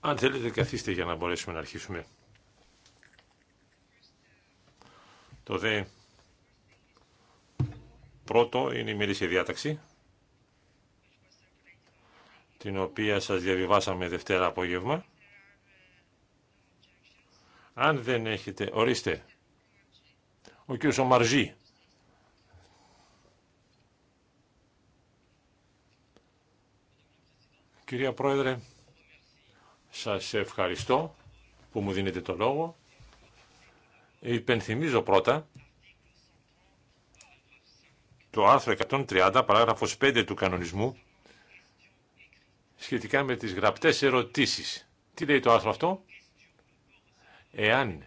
Αν θέλετε καθίστε για να μπορέσουμε να αρχίσουμε. Το δε πρώτο είναι η μερίσια διάταξη, την οποία σας διαβιβάσαμε Δευτέρα απόγευμα. Αν δεν έχετε, ορίστε, ο κ. ομαρζή. Κυρία Πρόεδρε, σας ευχαριστώ που μου δίνετε το λόγο. Υπενθυμίζω πρώτα το άρθρο 130, παράγραφος 5 του κανονισμού, σχετικά με τις γραπτές ερωτήσεις. Τι λέει το άρθρο αυτό? Εάν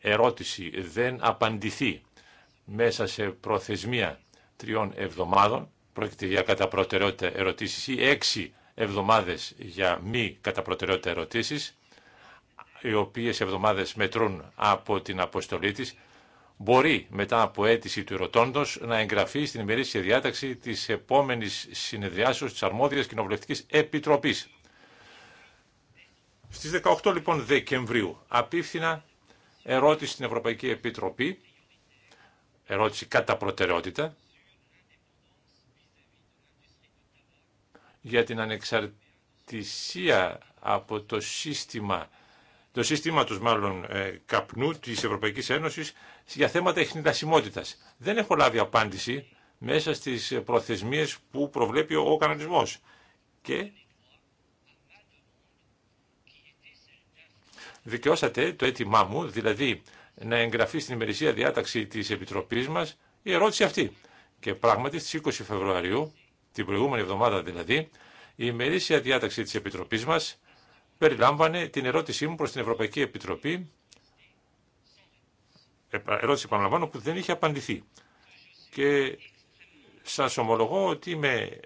ερώτηση δεν απαντηθεί μέσα σε προθεσμία τριών εβδομάδων, πρόκειται για κατά προτεραιότητα ερωτήσεις ή έξι εβδομάδες για μη κατά προτεραιότητα ερωτήσεις, οι οποίες εβδομάδες μετρούν από την αποστολή της, μπορεί μετά από αίτηση του ερωτώντος να εγγραφεί στην ημερήσια διάταξη της επόμενης συνεδριάσεως της Αρμόδιας Κοινοβουλευτικής Επιτροπής. Στις 18 λοιπόν Δεκεμβρίου απίφθηνα ερώτηση στην Ευρωπαϊκή Επιτροπή, ερώτηση κατά προτεραιότητα, για την ανεξαρτησία από το σύστημα, το σύστημα τους μάλλον ε, καπνού της Ευρωπαϊκής Ένωσης για θέματα εχνητασιμότητας. Δεν έχω λάβει απάντηση μέσα στις προθεσμίες που προβλέπει ο κανονισμός. Και δικαιώσατε το αίτημά μου, δηλαδή να εγγραφεί στην ημερησία διάταξη της Επιτροπής μας η ερώτηση αυτή. Και πράγματι στις 20 Φεβρουαρίου την προηγούμενη εβδομάδα δηλαδή, η ημερήσια διάταξη της Επιτροπής μας περιλάμβανε την ερώτησή μου προς την Ευρωπαϊκή Επιτροπή, ερώτηση επαναλαμβάνω που δεν είχε απαντηθεί. Και σας ομολογώ ότι είμαι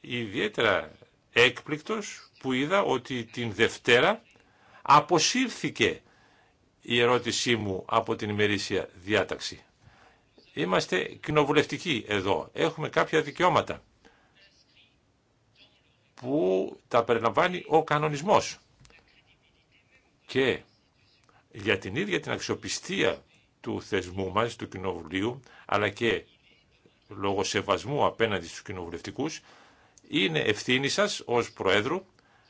ιδιαίτερα έκπληκτος που είδα ότι την Δευτέρα αποσύρθηκε η ερώτησή μου από την ημερήσια διάταξη. Είμαστε κοινοβουλευτικοί εδώ, έχουμε κάποια δικαιώματα που τα περιλαμβάνει ο κανονισμός. Και για την ίδια την αξιοπιστία του θεσμού μας, του Κοινοβουλίου, αλλά και λόγω σεβασμού απέναντι στους κοινοβουλευτικούς, είναι ευθύνη σας ως Προέδρου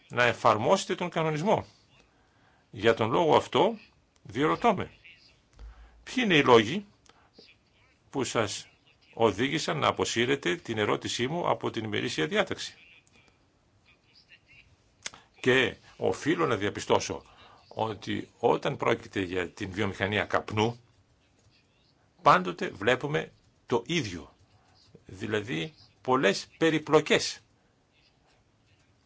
να εφαρμόσετε τον κανονισμό. Για τον λόγο αυτό διερωτώ με. Ποιοι είναι οι λόγοι που σας οδήγησαν να αποσύρετε την ερώτησή μου από την ημερήσια διάταξη. Και οφείλω να διαπιστώσω ότι όταν πρόκειται για την βιομηχανία καπνού, πάντοτε βλέπουμε το ίδιο. Δηλαδή πολλές περιπλοκές.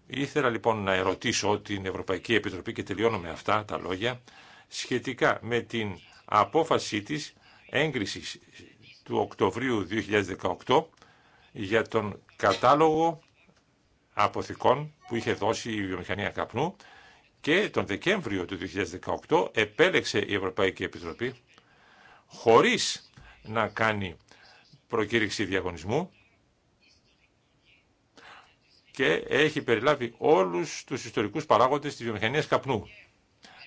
Ήθελα λοιπόν να ερωτήσω την Ευρωπαϊκή Επιτροπή και τελειώνω με αυτά τα λόγια σχετικά με την απόφασή της έγκρισης του Οκτωβρίου 2018 για τον κατάλογο αποθηκών που είχε δώσει η βιομηχανία καπνού και τον Δεκέμβριο του 2018 επέλεξε η Ευρωπαϊκή Επιτροπή χωρίς να κάνει προκήρυξη διαγωνισμού και έχει περιλάβει όλους τους ιστορικούς παράγοντες της βιομηχανίας καπνού.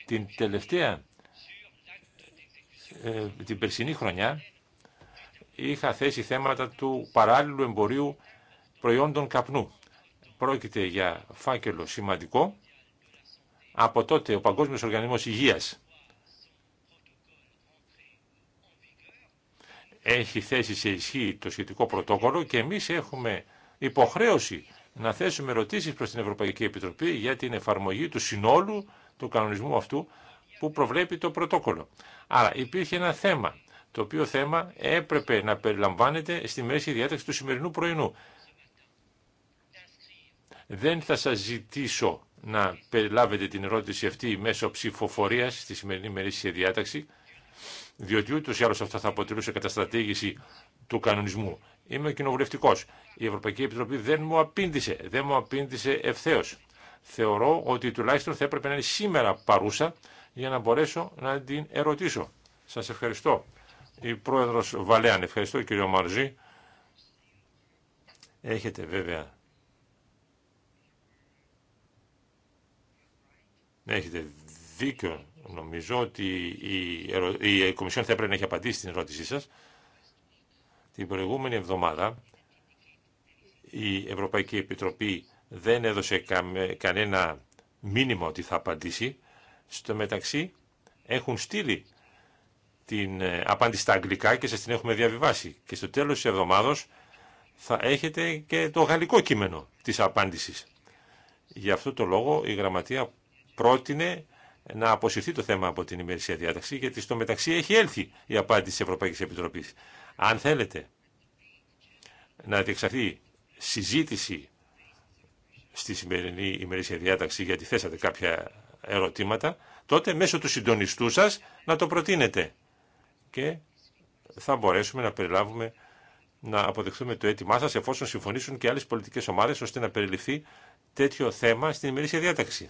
Την τελευταία, ε, την περσινή χρονιά, είχα θέσει θέματα του παράλληλου εμπορίου προϊόντων καπνού. Πρόκειται για φάκελο σημαντικό. Από τότε ο Παγκόσμιος Οργανισμός Υγείας έχει θέσει σε ισχύ το σχετικό πρωτόκολλο και εμείς έχουμε υποχρέωση να θέσουμε ερωτήσεις προς την Ευρωπαϊκή Επιτροπή για την εφαρμογή του συνόλου του κανονισμού αυτού που προβλέπει το πρωτόκολλο. Άρα υπήρχε ένα θέμα, το οποίο θέμα έπρεπε να περιλαμβάνεται στη μέση διάταξη του σημερινού πρωινού. Δεν θα σας ζητήσω να περιλάβετε την ερώτηση αυτή μέσω ψηφοφορίας στη σημερινή μερίσια διάταξη, διότι ούτως ή άλλως αυτά θα αποτελούσε καταστρατήγηση του κανονισμού. Είμαι κοινοβουλευτικό. Η Ευρωπαϊκή Επιτροπή δεν μου απήντησε, δεν μου απήντησε ευθέω. Θεωρώ ότι τουλάχιστον θα έπρεπε να είναι σήμερα παρούσα για να μπορέσω να την ερωτήσω. Σα ευχαριστώ. Η πρόεδρο Βαλέαν, ευχαριστώ κύριο Μαρζή. Έχετε βέβαια Έχετε δίκιο. Νομίζω ότι η, η Κομισιόν θα έπρεπε να έχει απαντήσει στην ερώτησή σας. Την προηγούμενη εβδομάδα η Ευρωπαϊκή Επιτροπή δεν έδωσε κανένα μήνυμα ότι θα απαντήσει. Στο μεταξύ έχουν στείλει την ε, απάντηση στα αγγλικά και σας την έχουμε διαβιβάσει. Και στο τέλος της εβδομάδος θα έχετε και το γαλλικό κείμενο της απάντησης. Γι' αυτό το λόγο η γραμματεία πρότεινε να αποσυρθεί το θέμα από την ημερησία διάταξη, γιατί στο μεταξύ έχει έλθει η απάντηση της Ευρωπαϊκής Επιτροπής. Αν θέλετε να διεξαρθεί συζήτηση στη σημερινή ημερήσια διάταξη, γιατί θέσατε κάποια ερωτήματα, τότε μέσω του συντονιστού σας να το προτείνετε. Και θα μπορέσουμε να περιλάβουμε, να αποδεχθούμε το αίτημά σας, εφόσον συμφωνήσουν και άλλες πολιτικές ομάδες, ώστε να περιληφθεί τέτοιο θέμα στην ημερήσια διάταξη.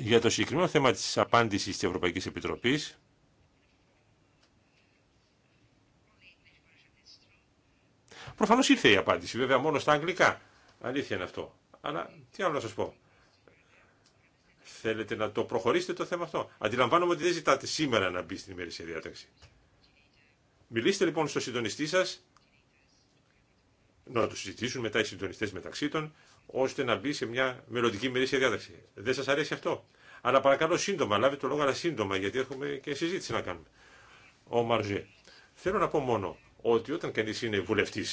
Για το συγκεκριμένο θέμα της απάντησης της Ευρωπαϊκής Επιτροπής, προφανώς ήρθε η απάντηση, βέβαια μόνο στα αγγλικά. Αλήθεια είναι αυτό. Αλλά τι άλλο να σας πω. Θέλετε να το προχωρήσετε το θέμα αυτό. Αντιλαμβάνομαι ότι δεν ζητάτε σήμερα να μπει στην ημερήσια διάταξη. Μιλήστε λοιπόν στο συντονιστή σα. να το συζητήσουν μετά οι συντονιστέ μεταξύ των, ώστε να μπει σε μια μελλοντική μερίσια διάταξη. Δεν σα αρέσει αυτό. Αλλά παρακαλώ σύντομα, λάβετε το λόγο, αλλά σύντομα, γιατί έχουμε και συζήτηση να κάνουμε. Ο Μαρζέ. Θέλω να πω μόνο ότι όταν κανεί είναι βουλευτή,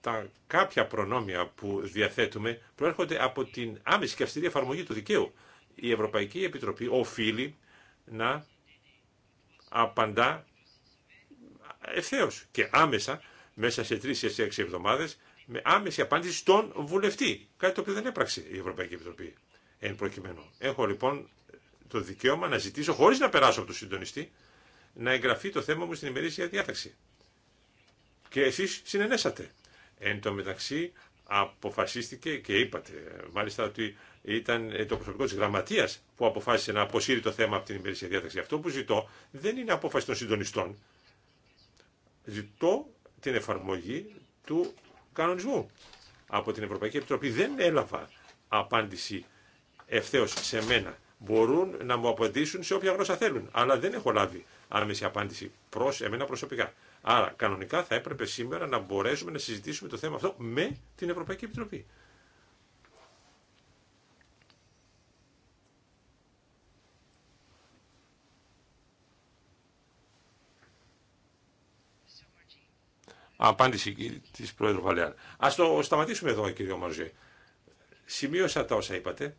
τα κάποια προνόμια που διαθέτουμε προέρχονται από την άμεση και αυστηρή εφαρμογή του δικαίου. Η Ευρωπαϊκή Επιτροπή οφείλει να απαντά ευθέω και άμεσα μέσα σε τρει ή έξι εβδομάδε με άμεση απάντηση στον βουλευτή. Κάτι το οποίο δεν έπραξε η Ευρωπαϊκή Επιτροπή εν προκειμένου. Έχω λοιπόν το δικαίωμα να ζητήσω, χωρί να περάσω από τον συντονιστή, να εγγραφεί το θέμα μου στην ημερήσια διάταξη. Και εσεί συνενέσατε. Εν τω μεταξύ αποφασίστηκε και είπατε μάλιστα ότι ήταν ε, το προσωπικό τη γραμματεία που αποφάσισε να αποσύρει το θέμα από την ημερήσια διάταξη. Αυτό που ζητώ δεν είναι απόφαση των συντονιστών. Ζητώ την εφαρμογή του κανονισμού. Από την Ευρωπαϊκή Επιτροπή δεν έλαβα απάντηση ευθέω σε μένα. Μπορούν να μου απαντήσουν σε όποια γλώσσα θέλουν, αλλά δεν έχω λάβει άμεση απάντηση προ εμένα προσωπικά. Άρα, κανονικά θα έπρεπε σήμερα να μπορέσουμε να συζητήσουμε το θέμα αυτό με την Ευρωπαϊκή Επιτροπή. Απάντηση τη Πρόεδρου Βαλαιάν. Α το σταματήσουμε εδώ κύριε Μαρζέ. Σημείωσα τα όσα είπατε.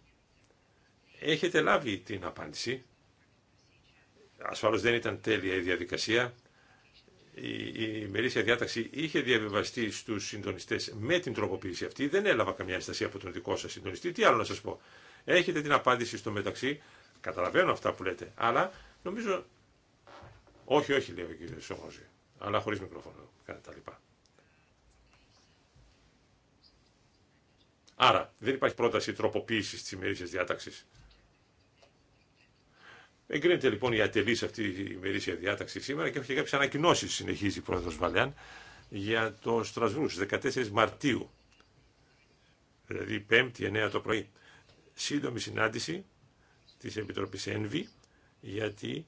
Έχετε λάβει την απάντηση. Ασφαλώς δεν ήταν τέλεια η διαδικασία. Η, η μερίσια διάταξη είχε διαβιβαστεί στους συντονιστές με την τροποποίηση αυτή. Δεν έλαβα καμιά ενστασία από τον δικό σας συντονιστή. Τι άλλο να σας πω. Έχετε την απάντηση στο μεταξύ. Καταλαβαίνω αυτά που λέτε. Αλλά νομίζω... Όχι, όχι λέει ο κύριο Σόμοζη αλλά χωρίς μικρόφωνο, κατά τα λοιπά. Άρα, δεν υπάρχει πρόταση τροποποίησης της ημερήσιας διάταξης. Εγκρίνεται λοιπόν η ατελής αυτή η ημερήσια διάταξη σήμερα και έχω και κάποιες ανακοινώσεις, συνεχίζει η πρόεδρος Βαλιάν, για το Στρασβούργο, στις 14 Μαρτίου, δηλαδή 5η, 9 το πρωί. Σύντομη συνάντηση της Επιτροπής ΕΝΒΗ, γιατί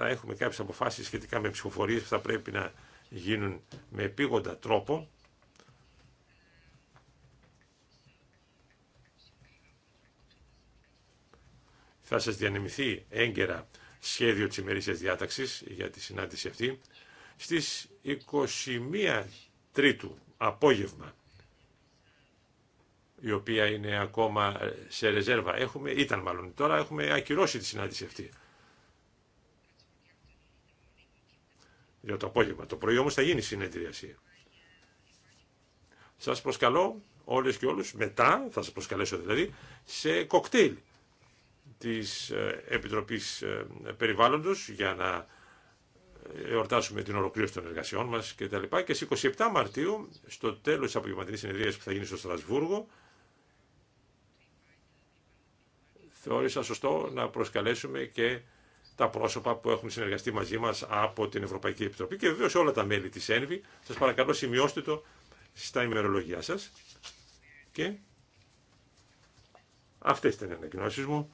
θα έχουμε κάποιες αποφάσεις σχετικά με ψηφοφορίες που θα πρέπει να γίνουν με επίγοντα τρόπο. Θα σας διανεμηθεί έγκαιρα σχέδιο της ημερήσιας διάταξης για τη συνάντηση αυτή στις 21 Τρίτου απόγευμα η οποία είναι ακόμα σε ρεζέρβα. Έχουμε, ήταν μάλλον τώρα, έχουμε ακυρώσει τη συνάντηση αυτή. το απόγευμα. Το πρωί όμως θα γίνει συνεδρίαση. Σας προσκαλώ όλες και όλους, μετά θα σας προσκαλέσω δηλαδή, σε κοκτέιλ της ε, Επιτροπής ε, Περιβάλλοντος για να ε, εορτάσουμε την ολοκλήρωση των εργασιών μας και τα λοιπά. Και στις 27 Μαρτίου, στο τέλος τη απογευματινής συνεδρίας που θα γίνει στο Στρασβούργο, θεώρησα σωστό να προσκαλέσουμε και τα πρόσωπα που έχουν συνεργαστεί μαζί μας από την Ευρωπαϊκή Επιτροπή και βεβαίω όλα τα μέλη της ΕΝΒΗ. Σας παρακαλώ σημειώστε το στα ημερολογιά σας. Και αυτές ήταν οι ανακοινώσει μου.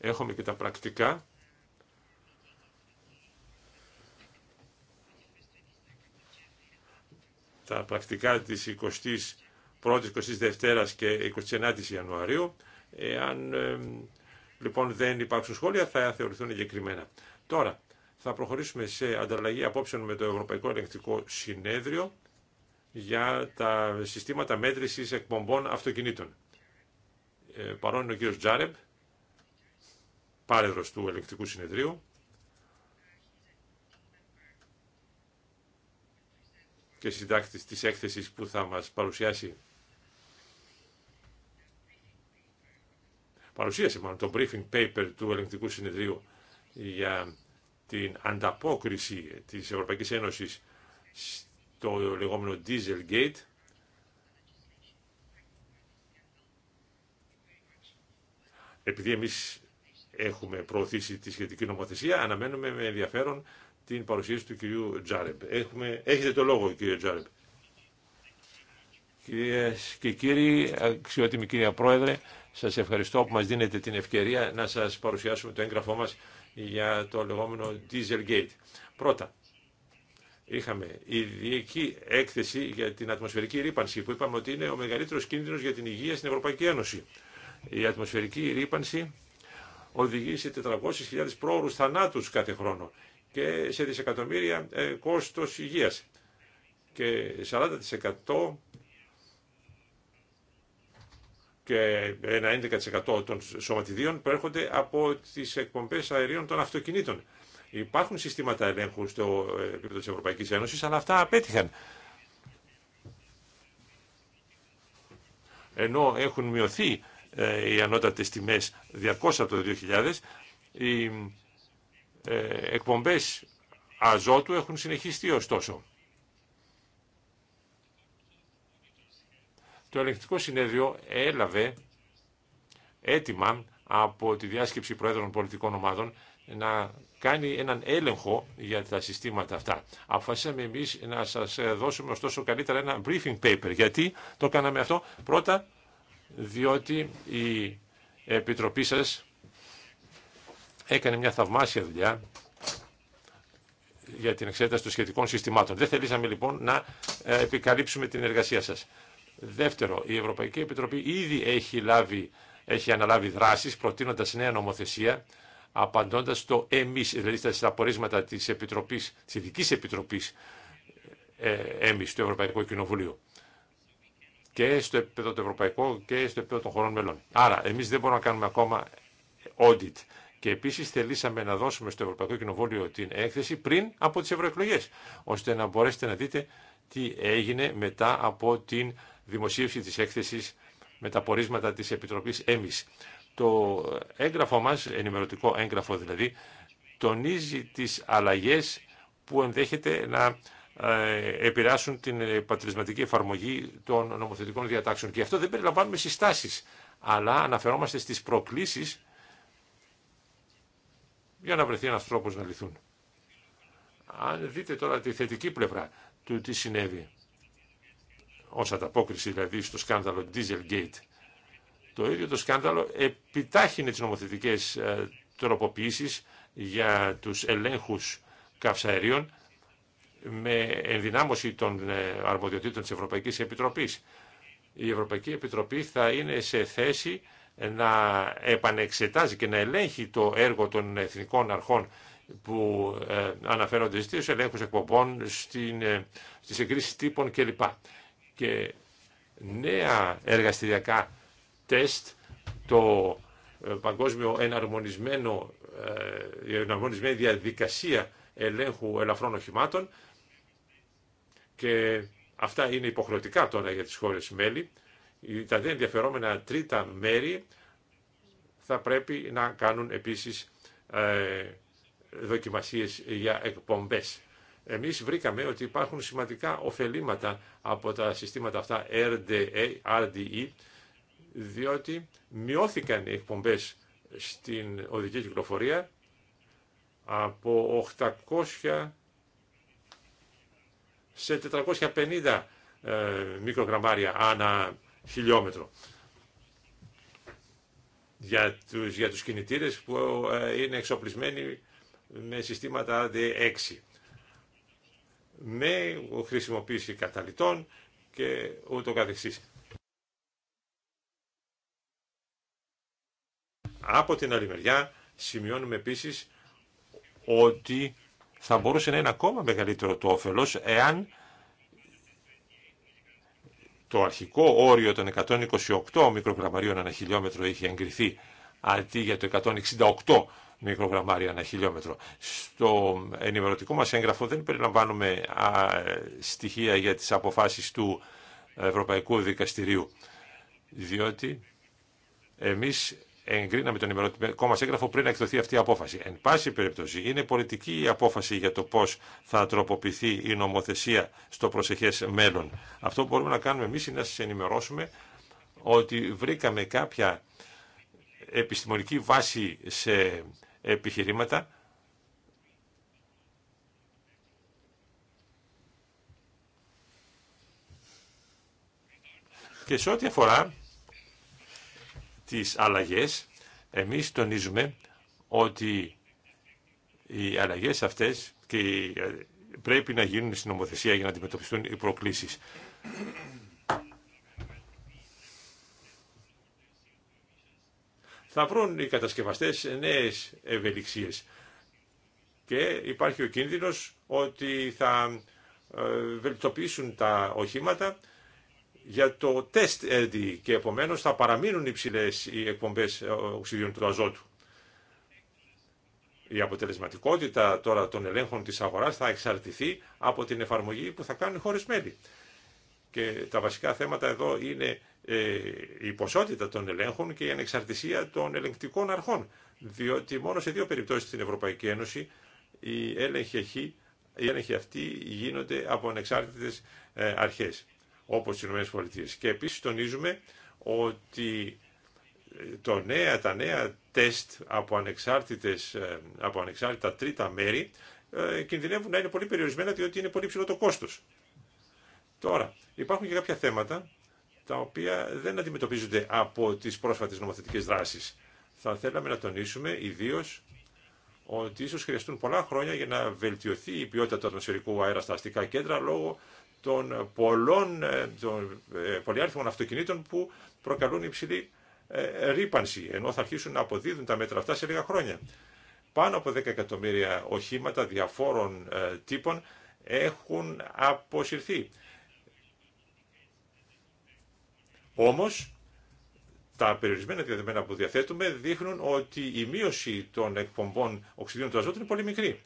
Έχουμε και τα πρακτικά. Τα πρακτικά της 21ης, 22ης και 29ης Ιανουαρίου. Εάν λοιπόν δεν υπάρξουν σχόλια θα θεωρηθούν εγκεκριμένα. Τώρα θα προχωρήσουμε σε ανταλλαγή απόψεων με το Ευρωπαϊκό Ελεγκτικό Συνέδριο για τα συστήματα μέτρησης εκπομπών αυτοκινήτων. Ε, παρόν είναι ο κύριος Τζάρεμπ, πάρεδρος του Ελεγκτικού Συνεδρίου. και συντάκτης της έκθεσης που θα μας παρουσιάσει παρουσίασε μάλλον το briefing paper του ελεγκτικού συνεδρίου για την ανταπόκριση της Ευρωπαϊκής Ένωσης στο λεγόμενο Dieselgate. Επειδή εμείς έχουμε προωθήσει τη σχετική νομοθεσία, αναμένουμε με ενδιαφέρον την παρουσίαση του κυρίου Τζάρεμπ. Έχουμε... Έχετε το λόγο, κύριε Τζάρεμπ. Κυρίες και κύριοι, αξιότιμη κυρία Πρόεδρε, σας ευχαριστώ που μας δίνετε την ευκαιρία να σας παρουσιάσουμε το έγγραφό μας για το λεγόμενο Dieselgate. Πρώτα, είχαμε ειδική έκθεση για την ατμοσφαιρική ρήπανση που είπαμε ότι είναι ο μεγαλύτερο κίνδυνος για την υγεία στην Ευρωπαϊκή Ένωση. Η ατμοσφαιρική ρήπανση οδηγεί σε 400.000 πρόωρου θανάτου κάθε χρόνο και σε δισεκατομμύρια ε, κόστος υγείας. Και 40% και ένα 11% των σωματιδίων προέρχονται από τι εκπομπέ αερίων των αυτοκινήτων. Υπάρχουν συστήματα ελέγχου στο ε, επίπεδο τη Ευρωπαϊκή Ένωση, αλλά αυτά απέτυχαν. Ενώ έχουν μειωθεί ε, οι ανώτατες τιμέ 200 από το 2000, οι ε, εκπομπέ αζότου έχουν συνεχιστεί ωστόσο. Το ελεγχτικό συνέδριο έλαβε έτοιμα από τη διάσκεψη Προέδρων Πολιτικών Ομάδων να κάνει έναν έλεγχο για τα συστήματα αυτά. Αποφασίσαμε εμείς να σας δώσουμε ωστόσο καλύτερα ένα briefing paper. Γιατί το κάναμε αυτό. Πρώτα, διότι η Επιτροπή σας έκανε μια θαυμάσια δουλειά για την εξέταση των σχετικών συστημάτων. Δεν θελήσαμε λοιπόν να επικαλύψουμε την εργασία σας. Δεύτερο, η Ευρωπαϊκή Επιτροπή ήδη έχει, λάβει, έχει αναλάβει δράσεις προτείνοντας νέα νομοθεσία απαντώντας στο εμείς, δηλαδή στα απορίσματα της, Επιτροπής, της Ειδικής Επιτροπής ε, του Ευρωπαϊκού Κοινοβουλίου και στο επίπεδο του ευρωπαϊκό και στο επίπεδο των χωρών μελών. Άρα, εμείς δεν μπορούμε να κάνουμε ακόμα audit, και επίση θελήσαμε να δώσουμε στο Ευρωπαϊκό Κοινοβούλιο την έκθεση πριν από τι ευρωεκλογέ, ώστε να μπορέσετε να δείτε τι έγινε μετά από την δημοσίευση της έκθεσης με τα πορίσματα της Επιτροπής ΕΜΗΣ. Το έγγραφο μας, ενημερωτικό έγγραφο δηλαδή, τονίζει τις αλλαγές που ενδέχεται να ε, επηρεάσουν την πατρισματική εφαρμογή των νομοθετικών διατάξεων. Και αυτό δεν περιλαμβάνουμε συστάσεις, αλλά αναφερόμαστε στις προκλήσεις για να βρεθεί ένας τρόπος να λυθούν. Αν δείτε τώρα τη θετική πλευρά του τι συνέβη ως ανταπόκριση δηλαδή στο σκάνδαλο Dieselgate. Το ίδιο το σκάνδαλο επιτάχυνε τις νομοθετικές ε, τροποποιήσεις για τους ελέγχους καυσαερίων με ενδυνάμωση των ε, αρμοδιοτήτων της Ευρωπαϊκής Επιτροπής. Η Ευρωπαϊκή Επιτροπή θα είναι σε θέση να επανεξετάζει και να ελέγχει το έργο των εθνικών αρχών που ε, αναφέρονται στους ελέγχους εκπομπών, στην, ε, στις εγκρίσεις τύπων κλπ. Και νέα εργαστηριακά τεστ, το ε, παγκόσμιο εναρμονισμένο, εναρμονισμένη διαδικασία ελέγχου ελαφρών οχημάτων και αυτά είναι υποχρεωτικά τώρα για τις χώρες μέλη τα δηλαδή, δε ενδιαφερόμενα τρίτα μέρη θα πρέπει να κάνουν επίσης ε, δοκιμασίες για εκπομπές. Εμείς βρήκαμε ότι υπάρχουν σημαντικά ωφελήματα από τα συστήματα αυτά RDA, RDE, διότι μειώθηκαν οι εκπομπές στην οδική κυκλοφορία από 800 σε 450 ε, μικρογραμμάρια ανά χιλιόμετρο. Για τους, για τους κινητήρες που ε, είναι εξοπλισμένοι με συστήματα D6 με χρησιμοποίηση καταλυτών και ούτω καθεξής. Από την άλλη μεριά σημειώνουμε επίσης ότι θα μπορούσε να είναι ακόμα μεγαλύτερο το όφελος εάν το αρχικό όριο των 128 μικρογραμμαρίων ανά χιλιόμετρο είχε εγκριθεί αντί για το 168 μικρογραμμάρια ανά χιλιόμετρο. Στο ενημερωτικό μας έγγραφο δεν περιλαμβάνουμε στοιχεία για τις αποφάσεις του Ευρωπαϊκού Δικαστηρίου, διότι εμείς εγκρίναμε τον ημερωτικό μα έγγραφο πριν εκδοθεί αυτή η απόφαση. Εν πάση περιπτώσει, είναι πολιτική η απόφαση για το πώ θα τροποποιηθεί η νομοθεσία στο προσεχέ μέλλον. Αυτό που μπορούμε να κάνουμε εμεί είναι να σα ενημερώσουμε ότι βρήκαμε κάποια επιστημονική βάση σε επιχειρήματα και σε ό,τι αφορά τις αλλαγές, εμείς τονίζουμε ότι οι αλλαγές αυτές και ε, πρέπει να γίνουν στην νομοθεσία για να αντιμετωπιστούν οι προκλήσεις. Θα βρουν οι κατασκευαστές νέες ευελιξίες και υπάρχει ο κίνδυνος ότι θα ε, βελτιστοποιήσουν τα οχήματα για το τεστ έντι και επομένως θα παραμείνουν υψηλές οι εκπομπές ε, οξυδίων του αζότου. Η αποτελεσματικότητα τώρα των ελέγχων της αγοράς θα εξαρτηθεί από την εφαρμογή που θα κάνουν οι χώρες μέλη. Και τα βασικά θέματα εδώ είναι ε, η ποσότητα των ελέγχων και η ανεξαρτησία των ελεγκτικών αρχών. Διότι μόνο σε δύο περιπτώσεις στην Ευρωπαϊκή Ένωση οι έλεγχοι, οι έλεγχοι αυτοί γίνονται από ανεξάρτητες ε, αρχές όπως οι ΗΠΑ. Και επίσης τονίζουμε ότι ε, το νέα, τα νέα τεστ από, ανεξάρτητες, ε, από ανεξάρτητα τρίτα μέρη ε, κινδυνεύουν να είναι πολύ περιορισμένα διότι είναι πολύ ψηλό το κόστος. Τώρα, υπάρχουν και κάποια θέματα τα οποία δεν αντιμετωπίζονται από τις πρόσφατες νομοθετικές δράσεις. Θα θέλαμε να τονίσουμε ιδίω ότι ίσως χρειαστούν πολλά χρόνια για να βελτιωθεί η ποιότητα του ατμοσφαιρικού αέρα στα αστικά κέντρα λόγω των πολλών ε, των ε, πολυάριθμων αυτοκινήτων που προκαλούν υψηλή ε, ρήπανση, ενώ θα αρχίσουν να αποδίδουν τα μέτρα αυτά σε λίγα χρόνια. Πάνω από 10 εκατομμύρια οχήματα διαφόρων τύπων έχουν αποσυρθεί. Όμως, τα περιορισμένα διαδεμένα που διαθέτουμε δείχνουν ότι η μείωση των εκπομπών οξυδίων του αζώτου είναι πολύ μικρή.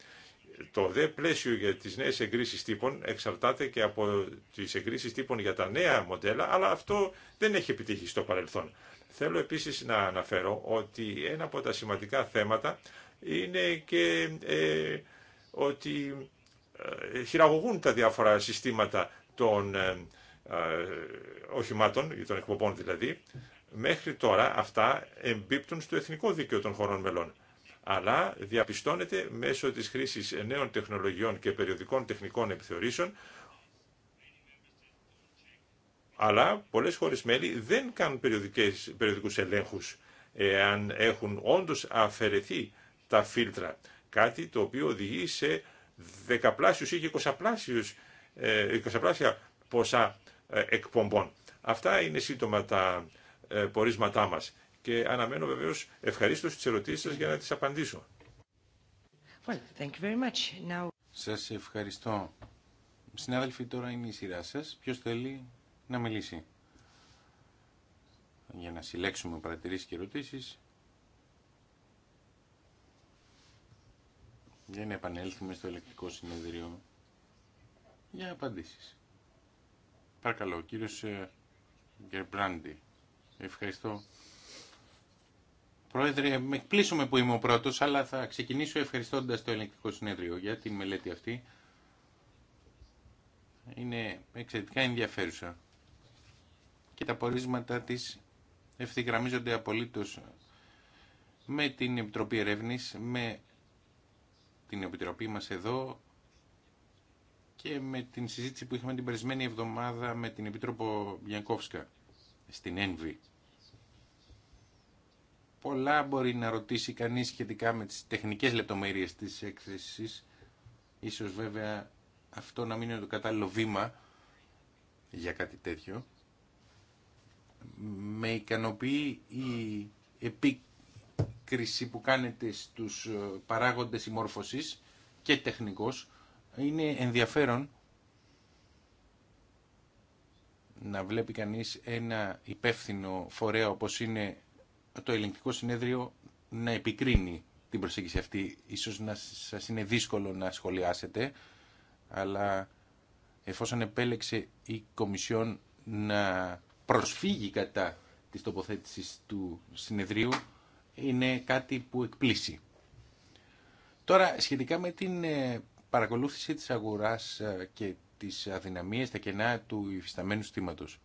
Το δε πλαίσιο για τις νέες εγκρίσεις τύπων εξαρτάται και από τις εγκρίσεις τύπων για τα νέα μοντέλα, αλλά αυτό δεν έχει επιτύχει στο παρελθόν. Θέλω επίσης να αναφέρω ότι ένα από τα σημαντικά θέματα είναι και ε, ότι ε, χειραγωγούν τα διάφορα συστήματα των ε, ε οχημάτων, των εκπομπών δηλαδή. Μέχρι τώρα αυτά εμπίπτουν στο εθνικό δίκαιο των χωρών μελών αλλά διαπιστώνεται μέσω της χρήσης νέων τεχνολογιών και περιοδικών τεχνικών επιθεωρήσεων, αλλά πολλές χώρες μέλη δεν κάνουν περιοδικές, περιοδικούς ελέγχους εάν έχουν όντως αφαιρεθεί τα φίλτρα, κάτι το οποίο οδηγεί σε δεκαπλάσιους ή και ε, εικοσαπλάσια ποσά ε, εκπομπών. Αυτά είναι σύντομα τα ε, πορίσματά μας και αναμένω βεβαίω ευχαριστώ τις ερωτήσει σα για να τι απαντήσω. Well, Σας ευχαριστώ. Συνάδελφοι, τώρα είναι η σειρά σας. Ποιος θέλει να μιλήσει για να συλλέξουμε παρατηρήσεις και ερωτήσεις για να επανέλθουμε στο ηλεκτρικό συνεδρίο για απαντήσεις. Παρακαλώ, κύριος ε, Γκερμπράντι. Ευχαριστώ. Πρόεδρε, με εκπλήσουμε που είμαι ο πρώτος, αλλά θα ξεκινήσω ευχαριστώντας το ελεγκτικό συνέδριο για την μελέτη αυτή. Είναι εξαιρετικά ενδιαφέρουσα. Και τα πορίσματα της ευθυγραμμίζονται απολύτως με την Επιτροπή έρευνη, με την Επιτροπή μας εδώ και με την συζήτηση που είχαμε την περισμένη εβδομάδα με την Επιτρόπο Μπιανκόφσκα στην ΕΝΒΗ πολλά μπορεί να ρωτήσει κανείς σχετικά με τις τεχνικές λεπτομέρειες της έκθεσης. Ίσως βέβαια αυτό να μην είναι το κατάλληλο βήμα για κάτι τέτοιο. Με ικανοποιεί η επίκριση που κάνετε στους ε, παράγοντες συμμόρφωση και τεχνικός. Είναι ενδιαφέρον να βλέπει κανείς ένα υπεύθυνο φορέα όπως είναι το ελεγκτικό συνέδριο να επικρίνει την προσέγγιση αυτή. Ίσως να σας είναι δύσκολο να σχολιάσετε, αλλά εφόσον επέλεξε η Κομισιόν να προσφύγει κατά της τοποθέτησης του συνεδρίου, είναι κάτι που εκπλήσει. Τώρα, σχετικά με την ε, παρακολούθηση της αγοράς ε, και της αδυναμίας τα κενά του υφισταμένου στήματος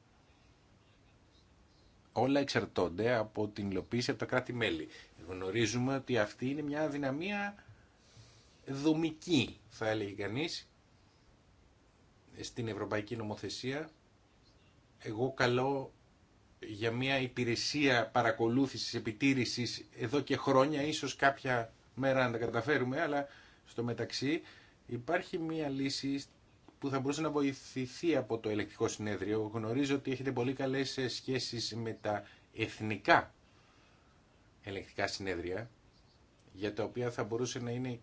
όλα εξαρτώνται από την υλοποίηση από τα κράτη-μέλη. Γνωρίζουμε ότι αυτή είναι μια δυναμία δομική, θα έλεγε κανείς, στην Ευρωπαϊκή Νομοθεσία. Εγώ καλώ για μια υπηρεσία παρακολούθησης, επιτήρησης εδώ και χρόνια, ίσως κάποια μέρα να τα καταφέρουμε, αλλά στο μεταξύ υπάρχει μια λύση που θα μπορούσε να βοηθηθεί από το ελεκτικό συνέδριο. Γνωρίζω ότι έχετε πολύ καλές ε, σχέσεις με τα εθνικά ελεκτικά συνέδρια, για τα οποία θα μπορούσε να είναι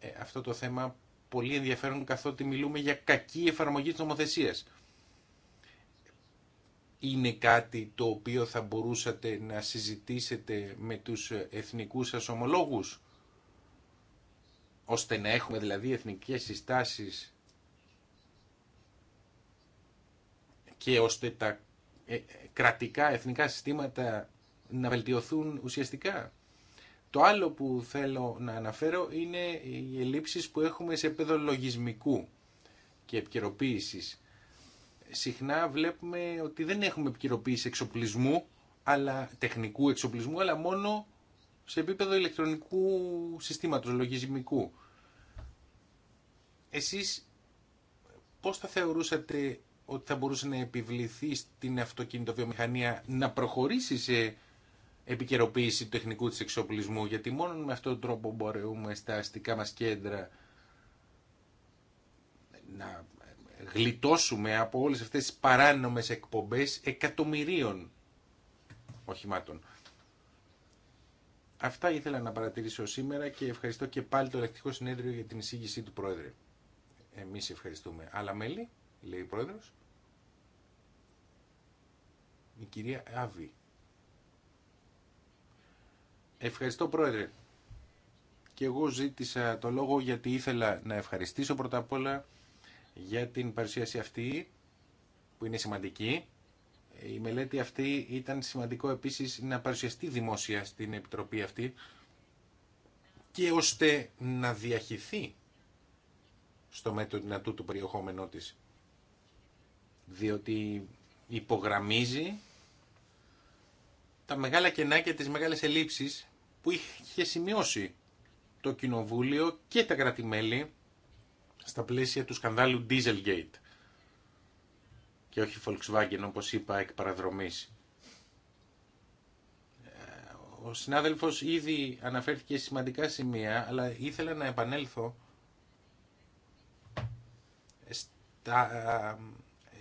ε, αυτό το θέμα πολύ ενδιαφέρον, καθότι μιλούμε για κακή εφαρμογή της νομοθεσίας. Είναι κάτι το οποίο θα μπορούσατε να συζητήσετε με τους εθνικούς σας ομολόγους, ώστε να έχουμε δηλαδή εθνικές συστάσεις και ώστε τα ε, κρατικά εθνικά συστήματα να βελτιωθούν ουσιαστικά. Το άλλο που θέλω να αναφέρω είναι οι ελλείψεις που έχουμε σε επίπεδο λογισμικού και επικαιροποίηση. Συχνά βλέπουμε ότι δεν έχουμε επικαιροποίηση εξοπλισμού, αλλά τεχνικού εξοπλισμού, αλλά μόνο σε επίπεδο ηλεκτρονικού συστήματος, λογισμικού. Εσείς πώς θα θεωρούσατε ότι θα μπορούσε να επιβληθεί στην αυτοκινητοβιομηχανία να προχωρήσει σε επικαιροποίηση του τεχνικού της εξοπλισμού, γιατί μόνο με αυτόν τον τρόπο μπορούμε στα αστικά μας κέντρα να γλιτώσουμε από όλες αυτές τις παράνομες εκπομπές εκατομμυρίων οχημάτων. Αυτά ήθελα να παρατηρήσω σήμερα και ευχαριστώ και πάλι το Ελεκτικό Συνέδριο για την εισήγησή του Πρόεδρε. Εμείς ευχαριστούμε. Άλλα μέλη λέει η πρόεδρος. Η κυρία Άβη. Ευχαριστώ πρόεδρε. Και εγώ ζήτησα το λόγο γιατί ήθελα να ευχαριστήσω πρώτα απ' όλα για την παρουσίαση αυτή που είναι σημαντική. Η μελέτη αυτή ήταν σημαντικό επίσης να παρουσιαστεί δημόσια στην Επιτροπή αυτή και ώστε να διαχυθεί στο μέτρο δυνατού του περιεχόμενό της διότι υπογραμμίζει τα μεγάλα κενά και τις μεγάλες ελλείψεις που είχε σημειώσει το Κοινοβούλιο και τα κρατημέλη στα πλαίσια του σκανδάλου Dieselgate και όχι Volkswagen όπως είπα εκ παραδρομής. Ο συνάδελφος ήδη αναφέρθηκε σημαντικά σημεία αλλά ήθελα να επανέλθω στα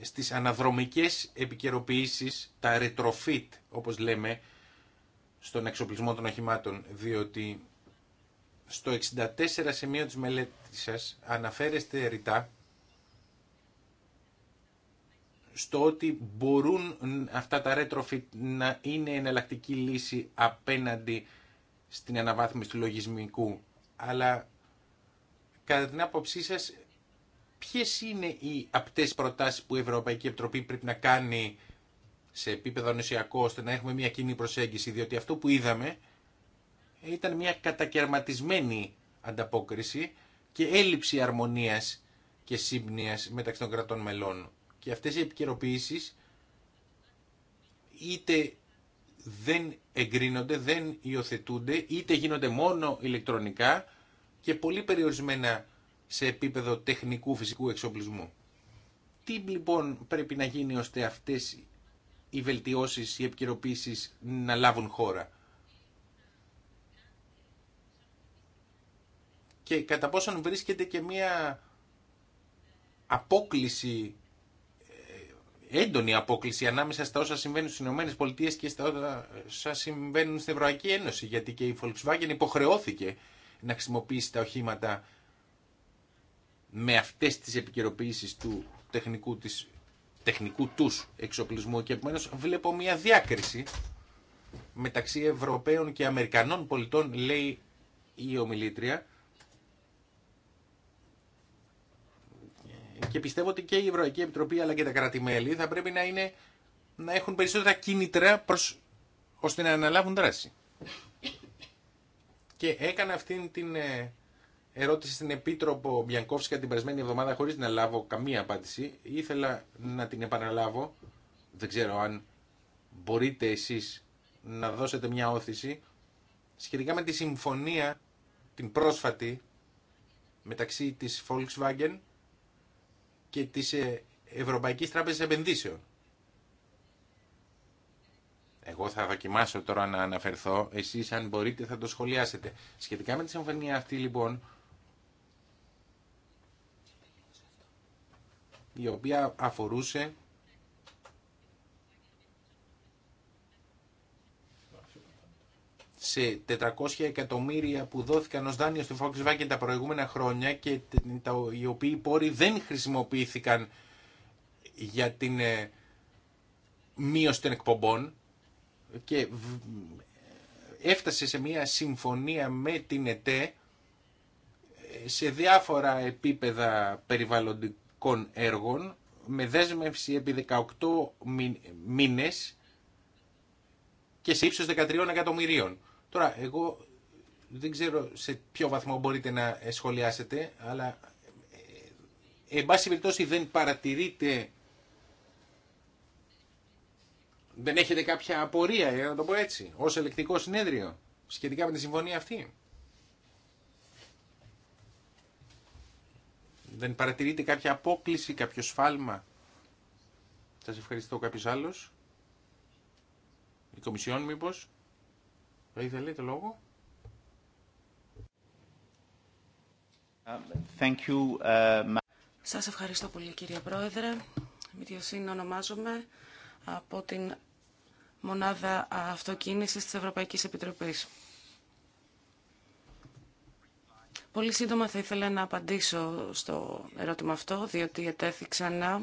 στις αναδρομικές επικαιροποιήσει, τα retrofit όπως λέμε, στον εξοπλισμό των οχημάτων, διότι στο 64 σημείο της μελέτης σας αναφέρεστε ρητά στο ότι μπορούν αυτά τα retrofit να είναι εναλλακτική λύση απέναντι στην αναβάθμιση του λογισμικού. Αλλά κατά την άποψή σας Ποιε είναι οι απτές προτάσεις που η Ευρωπαϊκή Επιτροπή πρέπει να κάνει σε επίπεδο νοσιακό ώστε να έχουμε μια κοινή προσέγγιση, διότι αυτό που είδαμε ήταν μια κατακαιρματισμένη ανταπόκριση και έλλειψη αρμονίας και σύμπνοιας μεταξύ των κρατών μελών. Και αυτές οι επικαιροποιήσεις είτε δεν εγκρίνονται, δεν υιοθετούνται, είτε γίνονται μόνο ηλεκτρονικά και πολύ περιορισμένα σε επίπεδο τεχνικού φυσικού εξοπλισμού. Τι λοιπόν πρέπει να γίνει ώστε αυτές οι βελτιώσεις, οι επικαιροποίησεις να λάβουν χώρα. Και κατά πόσον βρίσκεται και μία απόκληση, ε, έντονη απόκληση ανάμεσα στα όσα συμβαίνουν στις ΗΠΑ και στα όσα συμβαίνουν στην Ευρωπαϊκή Ένωση, γιατί και η Volkswagen υποχρεώθηκε να χρησιμοποιήσει τα οχήματα με αυτές τις επικαιροποιήσεις του τεχνικού, της, τεχνικού τους εξοπλισμού και επομένω βλέπω μια διάκριση μεταξύ Ευρωπαίων και Αμερικανών πολιτών λέει η ομιλήτρια και πιστεύω ότι και η Ευρωπαϊκή Επιτροπή αλλά και τα κρατη θα πρέπει να, είναι, να έχουν περισσότερα κίνητρα προς, ώστε να αναλάβουν δράση. Και έκανα αυτήν την ε, ερώτηση στην Επίτροπο Μπιανκόφσκα την περασμένη εβδομάδα χωρίς να λάβω καμία απάντηση. Ήθελα να την επαναλάβω. Δεν ξέρω αν μπορείτε εσείς να δώσετε μια όθηση σχετικά με τη συμφωνία την πρόσφατη μεταξύ της Volkswagen και της ε, Ευρωπαϊκής Τράπεζας Επενδύσεων. Εγώ θα δοκιμάσω τώρα να αναφερθώ, εσείς αν μπορείτε θα το σχολιάσετε. Σχετικά με τη συμφωνία αυτή λοιπόν, η οποία αφορούσε σε 400 εκατομμύρια που δόθηκαν ως δάνειο στη Volkswagen τα προηγούμενα χρόνια και οι οποίοι πόροι δεν χρησιμοποιήθηκαν για την ε, μείωση των εκπομπών και έφτασε σε μια συμφωνία με την ΕΤΕ ε, σε διάφορα επίπεδα περιβαλλοντικού πιλωτικών έργων με δέσμευση επί 18 μήνες και σε ύψος 13 εκατομμυρίων. Τώρα, εγώ δεν ξέρω σε ποιο βαθμό μπορείτε να σχολιάσετε, αλλά ε, εν πάση περιπτώσει δεν παρατηρείτε, δεν έχετε κάποια απορία, για να το πω έτσι, ως ελεκτικό συνέδριο σχετικά με τη συμφωνία αυτή. Δεν παρατηρείτε κάποια απόκληση, κάποιο σφάλμα. Σα ευχαριστώ κάποιο άλλο, Η Κομισιόν μήπω, Θα ήθελε το λόγο. Thank uh, Σας ευχαριστώ πολύ κύριε Πρόεδρε. Μητιοσύνη ονομάζομαι από την μονάδα αυτοκίνησης της Ευρωπαϊκής Επιτροπής. Πολύ σύντομα θα ήθελα να απαντήσω στο ερώτημα αυτό, διότι ετέθη ξανά.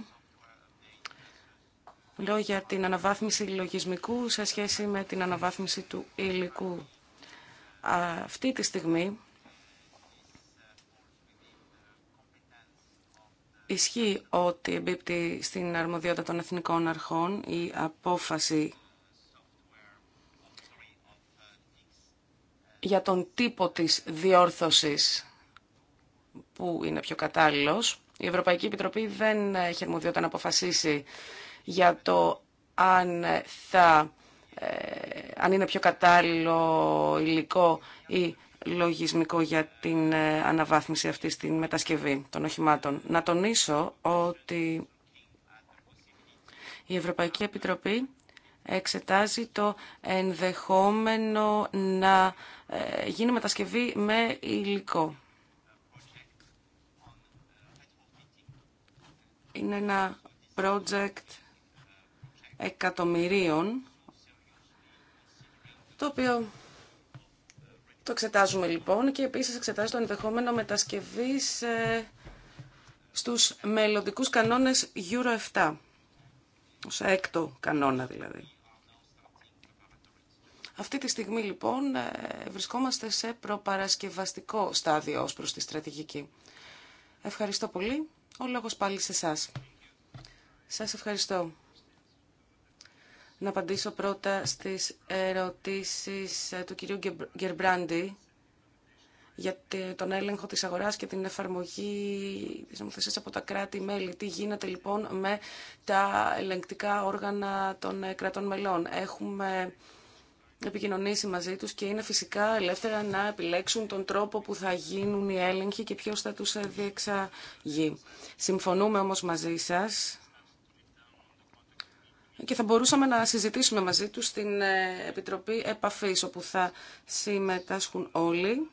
λόγια για την αναβάθμιση λογισμικού σε σχέση με την αναβάθμιση του υλικού. Αυτή τη στιγμή ισχύει ότι εμπίπτει στην αρμοδιότητα των εθνικών αρχών η απόφαση για τον τύπο της διόρθωσης που είναι πιο κατάλληλος. Η Ευρωπαϊκή Επιτροπή δεν έχει αρμοδιότητα να αποφασίσει για το αν, θα, ε, αν είναι πιο κατάλληλο υλικό ή λογισμικό για την ε, αναβάθμιση αυτή στην μετασκευή των οχημάτων. Να τονίσω ότι η Ευρωπαϊκή Επιτροπή εξετάζει το ενδεχόμενο να ε, γίνει μετασκευή με υλικό. Είναι ένα project εκατομμυρίων, το οποίο το εξετάζουμε λοιπόν και επίσης εξετάζει το ενδεχόμενο μετασκευής ε, στους μελλοντικούς κανόνες Euro 7, ως έκτο κανόνα δηλαδή. Αυτή τη στιγμή λοιπόν ε, βρισκόμαστε σε προπαρασκευαστικό στάδιο ως προς τη στρατηγική. Ευχαριστώ πολύ. Ο λόγος πάλι σε εσά. Σας ευχαριστώ. Να απαντήσω πρώτα στις ερωτήσεις ε, του κυρίου Γκερμπράντη για τον έλεγχο της αγοράς και την εφαρμογή της νομοθεσίας από τα κράτη-μέλη. Τι γίνεται λοιπόν με τα ελεγκτικά όργανα των ε, κρατών μελών. Έχουμε επικοινωνήσει μαζί τους και είναι φυσικά ελεύθερα να επιλέξουν τον τρόπο που θα γίνουν οι έλεγχοι και ποιος θα τους διεξαγεί. Συμφωνούμε όμως μαζί σας και θα μπορούσαμε να συζητήσουμε μαζί τους στην ε, Επιτροπή Επαφής, όπου θα συμμετάσχουν όλοι.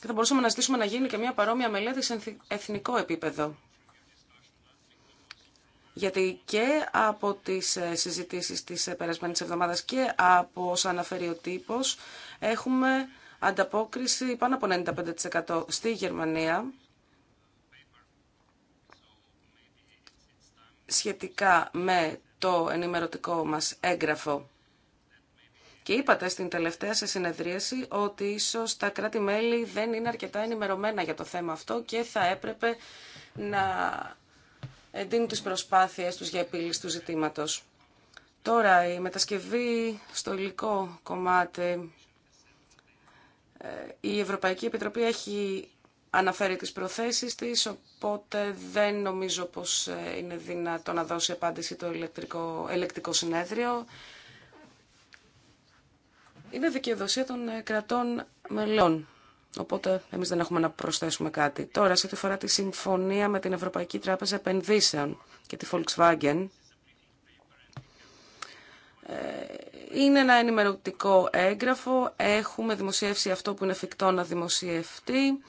Και θα μπορούσαμε να ζητήσουμε να γίνει και μια παρόμοια μελέτη σε εθνικό επίπεδο γιατί και από τις ε, συζητήσεις της ε, περασμένης εβδομάδας και από όσα αναφέρει ο τύπος έχουμε ανταπόκριση πάνω από 95% στη Γερμανία σχετικά με το ενημερωτικό μας έγγραφο. Και είπατε στην τελευταία σε συνεδρίαση ότι ίσως τα κράτη-μέλη δεν είναι αρκετά ενημερωμένα για το θέμα αυτό και θα έπρεπε να εντείνουν τις προσπάθειες τους για επίλυση του ζητήματος. Τώρα η μετασκευή στο υλικό κομμάτι. Ε, η Ευρωπαϊκή Επιτροπή έχει αναφέρει τις προθέσεις της, οπότε δεν νομίζω πως ε, είναι δυνατό να δώσει απάντηση το ηλεκτρικό, ελεκτικό συνέδριο. Είναι δικαιοδοσία των ε, κρατών μελών. Οπότε εμεί δεν έχουμε να προσθέσουμε κάτι. Τώρα, σε ό,τι αφορά τη συμφωνία με την Ευρωπαϊκή Τράπεζα Επενδύσεων και τη Volkswagen, ε, είναι ένα ενημερωτικό έγγραφο. Έχουμε δημοσιεύσει αυτό που είναι εφικτό να δημοσιευτεί.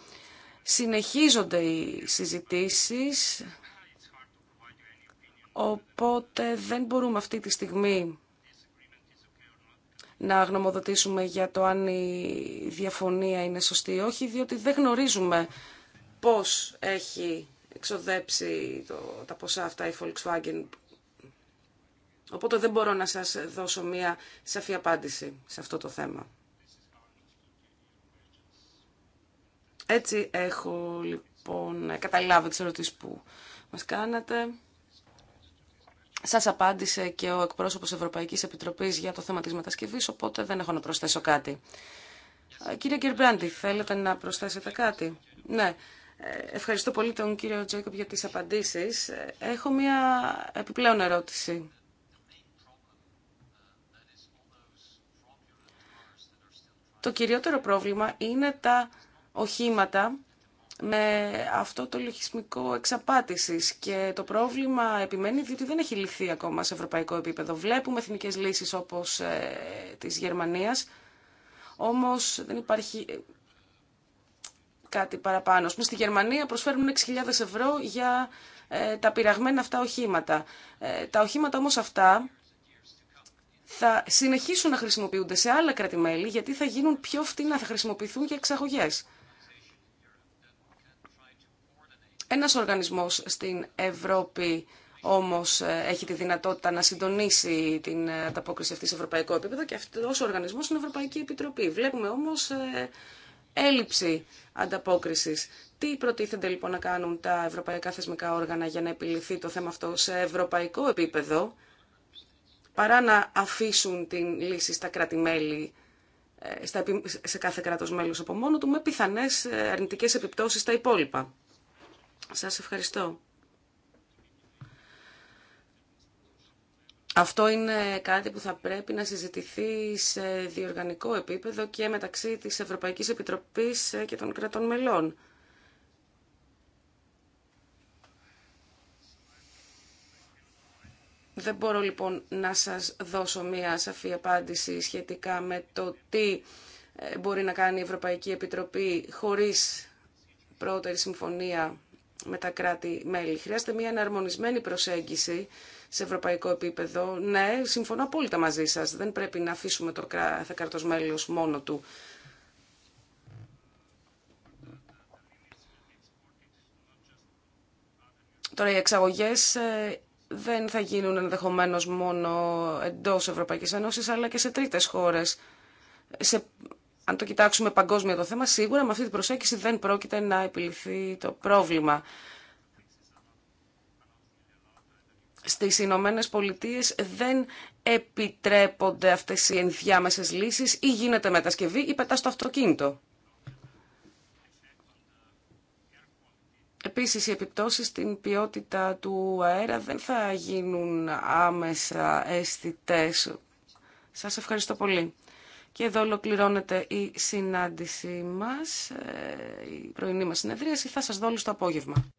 Συνεχίζονται οι συζητήσεις, οπότε δεν μπορούμε αυτή τη στιγμή να γνωμοδοτήσουμε για το αν η διαφωνία είναι σωστή ή όχι, διότι δεν γνωρίζουμε πώς έχει εξοδέψει το, τα ποσά αυτά η Volkswagen. Οπότε δεν μπορώ να σας δώσω μία σαφή απάντηση σε αυτό το θέμα. Έτσι έχω λοιπόν καταλάβει τις ερωτήσεις που μας κάνατε. Σας απάντησε και ο εκπρόσωπος Ευρωπαϊκής Επιτροπής για το θέμα της μετασκευή, οπότε δεν έχω να προσθέσω κάτι. Ε, κύριε Μπράντι, θέλετε να προσθέσετε κάτι. Ναι. Ε, ευχαριστώ πολύ τον κύριο Τζέικοπ για τις απαντήσεις. Ε, έχω μία επιπλέον ερώτηση. Το κυριότερο πρόβλημα είναι τα οχήματα με αυτό το λογισμικό εξαπάτηση και το πρόβλημα επιμένει διότι δεν έχει λυθεί ακόμα σε ευρωπαϊκό επίπεδο. Βλέπουμε εθνικέ λύσεις όπως ε, της Γερμανίας, όμως δεν υπάρχει ε, κάτι παραπάνω. Πούμε, στη Γερμανία προσφέρουν 6.000 ευρώ για ε, τα πειραγμένα αυτά οχήματα. Ε, τα οχήματα όμως αυτά θα συνεχίσουν να χρησιμοποιούνται σε άλλα κρατημέλη γιατί θα γίνουν πιο φτηνά, θα χρησιμοποιηθούν για εξαγωγές. Ένας οργανισμός στην Ευρώπη όμως ε, έχει τη δυνατότητα να συντονίσει την ε, ανταπόκριση αυτή σε ευρωπαϊκό επίπεδο και αυτός ο οργανισμός είναι η Ευρωπαϊκή Επιτροπή. Βλέπουμε όμως ε, έλλειψη ανταπόκρισης. Τι προτίθενται λοιπόν να κάνουν τα ευρωπαϊκά θεσμικά όργανα για να επιληθεί το θέμα αυτό σε ευρωπαϊκό επίπεδο παρά να αφήσουν την λύση στα κράτη-μέλη σε κάθε κράτος μέλος από μόνο του με πιθανές αρνητικές επιπτώσεις στα υπόλοιπα. Σας ευχαριστώ. Αυτό είναι κάτι που θα πρέπει να συζητηθεί σε διοργανικό επίπεδο και μεταξύ της Ευρωπαϊκής Επιτροπής και των κρατών μελών. Δεν μπορώ λοιπόν να σας δώσω μία σαφή απάντηση σχετικά με το τι ε, μπορεί να κάνει η Ευρωπαϊκή Επιτροπή χωρίς πρώτερη συμφωνία με τα κράτη-μέλη. Χρειάζεται μια εναρμονισμένη προσέγγιση σε ευρωπαϊκό επίπεδο. Ναι, συμφωνώ απόλυτα μαζί σας. Δεν πρέπει να αφήσουμε το κάθε κράτος μέλος μόνο του. Τώρα, οι εξαγωγές ε, δεν θα γίνουν ενδεχομένως μόνο εντός Ευρωπαϊκής Ένωσης, αλλά και σε τρίτες χώρες. Σε αν το κοιτάξουμε παγκόσμια το θέμα, σίγουρα με αυτή την προσέγγιση δεν πρόκειται να επιληθεί το πρόβλημα. Στις Ηνωμένε Πολιτείες δεν επιτρέπονται αυτές οι ενδιάμεσες λύσεις ή γίνεται μετασκευή ή πετάς στο αυτοκίνητο. Επίσης, οι επιπτώσεις στην ποιότητα του αέρα δεν θα γίνουν άμεσα αίσθητες. Σας ευχαριστώ πολύ. Και εδώ ολοκληρώνεται η συνάντησή μας, ε, η πρωινή μας συνεδρίαση. Θα σας δω όλους το απόγευμα.